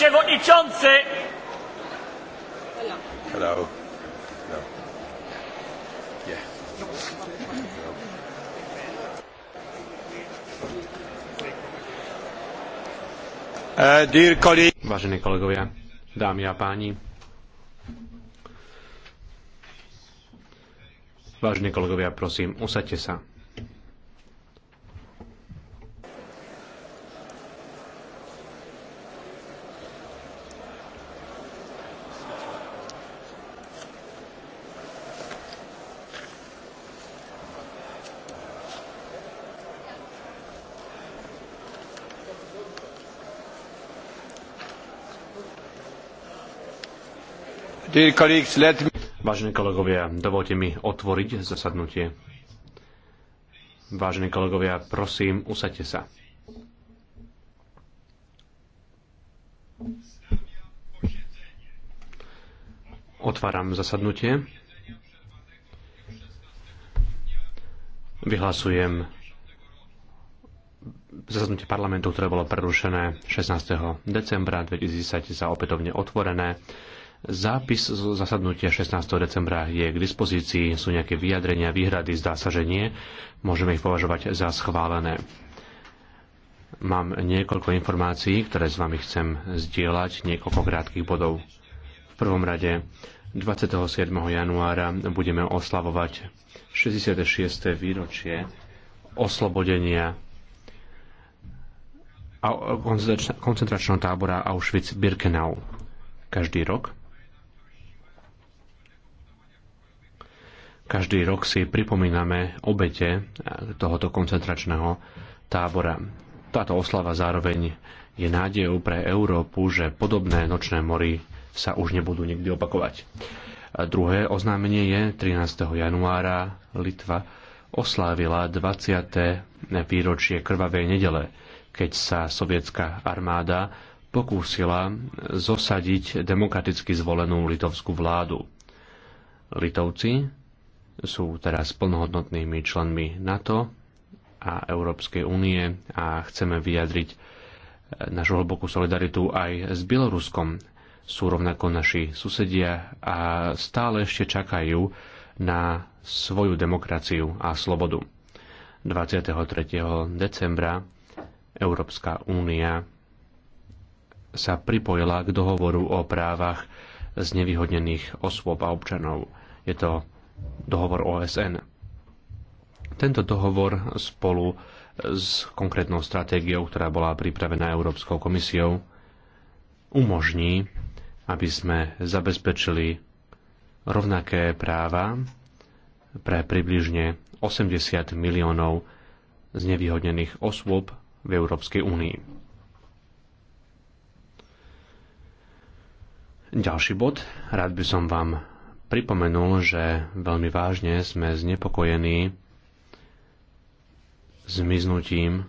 przewodniczący! Hello. Hello. Yeah. Uh, dear Vážení kolegovia, dámy a páni, vážení kolegovia, prosím, usaďte sa. Vážení kolegovia, dovolte mi otvoriť zasadnutie. Vážení kolegovia, prosím, usadte sa. Otváram zasadnutie. Vyhlasujem zasadnutie parlamentu, ktoré bolo prerušené 16. decembra 2010 za opätovne otvorené. Zápis zo zasadnutia 16. decembra je k dispozícii. Sú nejaké vyjadrenia, výhrady? Zdá sa, že nie. Môžeme ich považovať za schválené. Mám niekoľko informácií, ktoré s vami chcem zdieľať, niekoľko krátkých bodov. V prvom rade 27. januára budeme oslavovať 66. výročie oslobodenia koncentračného tábora Auschwitz-Birkenau každý rok Každý rok si pripomíname obete tohoto koncentračného tábora. Táto oslava zároveň je nádejou pre Európu, že podobné nočné mori sa už nebudú nikdy opakovať. A druhé oznámenie je 13. januára Litva oslávila 20. výročie krvavej nedele, keď sa sovietská armáda pokúsila zosadiť demokraticky zvolenú litovskú vládu. Litovci sú teraz plnohodnotnými členmi NATO a Európskej únie a chceme vyjadriť eh, našu hlbokú solidaritu aj s Bieloruskom. Sú rovnako naši susedia a stále ešte čakajú na svoju demokraciu a slobodu. 23. decembra Európska únia sa pripojila k dohovoru o právach znevýhodnených osôb a občanov. Je to dohovor OSN. Tento dohovor spolu s konkrétnou stratégiou, ktorá bola pripravená Európskou komisiou, umožní, aby sme zabezpečili rovnaké práva pre približne 80 miliónov znevýhodnených osôb v Európskej únii. Ďalší bod. Rád by som vám pripomenul, že veľmi vážne sme znepokojení zmiznutím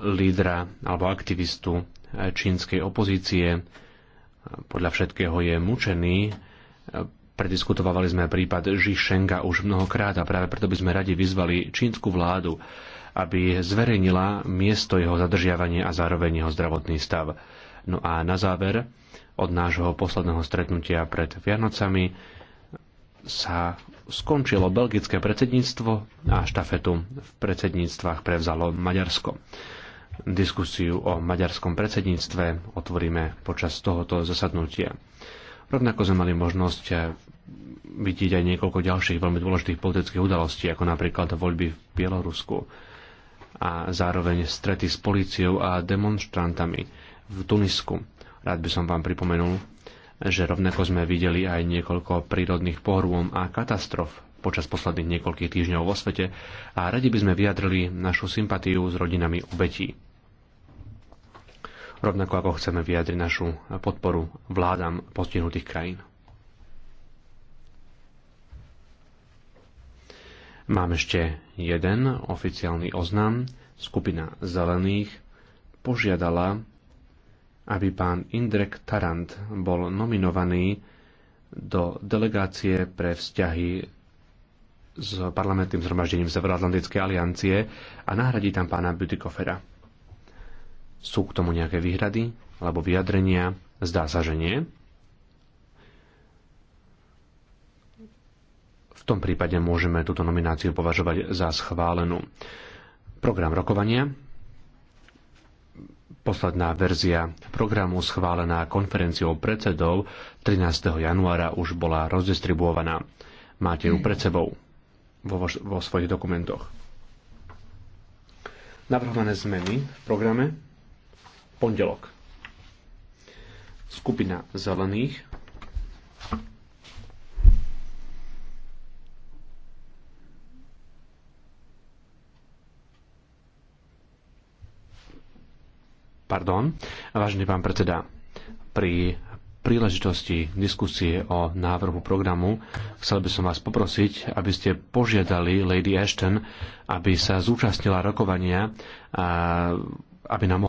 lídra alebo aktivistu čínskej opozície. Podľa všetkého je mučený. Prediskutovali sme prípad Žišenga už mnohokrát a práve preto by sme radi vyzvali čínsku vládu, aby zverejnila miesto jeho zadržiavania a zároveň jeho zdravotný stav. No a na záver, od nášho posledného stretnutia pred Vianocami sa skončilo belgické predsedníctvo a štafetu v predsedníctvách prevzalo Maďarsko. Diskusiu o maďarskom predsedníctve otvoríme počas tohoto zasadnutia. Rovnako sme mali možnosť vidieť aj niekoľko ďalších veľmi dôležitých politických udalostí, ako napríklad voľby v Bielorusku a zároveň strety s políciou a demonstrantami v Tunisku Rád by som vám pripomenul, že rovnako sme videli aj niekoľko prírodných pohrúm a katastrof počas posledných niekoľkých týždňov vo svete a radi by sme vyjadrili našu sympatiu s rodinami obetí. Rovnako ako chceme vyjadriť našu podporu vládam postihnutých krajín. Mám ešte jeden oficiálny oznam. Skupina zelených požiadala aby pán Indrek Tarant bol nominovaný do delegácie pre vzťahy s parlamentným zhromaždením Severoatlantickej aliancie a nahradí tam pána Butikofera. Sú k tomu nejaké výhrady alebo vyjadrenia? Zdá sa, že nie. V tom prípade môžeme túto nomináciu považovať za schválenú. Program rokovania Posledná verzia programu schválená konferenciou predsedov 13. januára už bola rozdistribuovaná. Máte ju pred sebou vo, vo svojich dokumentoch. Navrhované zmeny v programe pondelok. Skupina zelených Pardon, vážený pán predseda, pri príležitosti diskusie o návrhu programu chcel by som vás poprosiť, aby ste požiadali Lady Ashton, aby sa zúčastnila rokovania, aby nám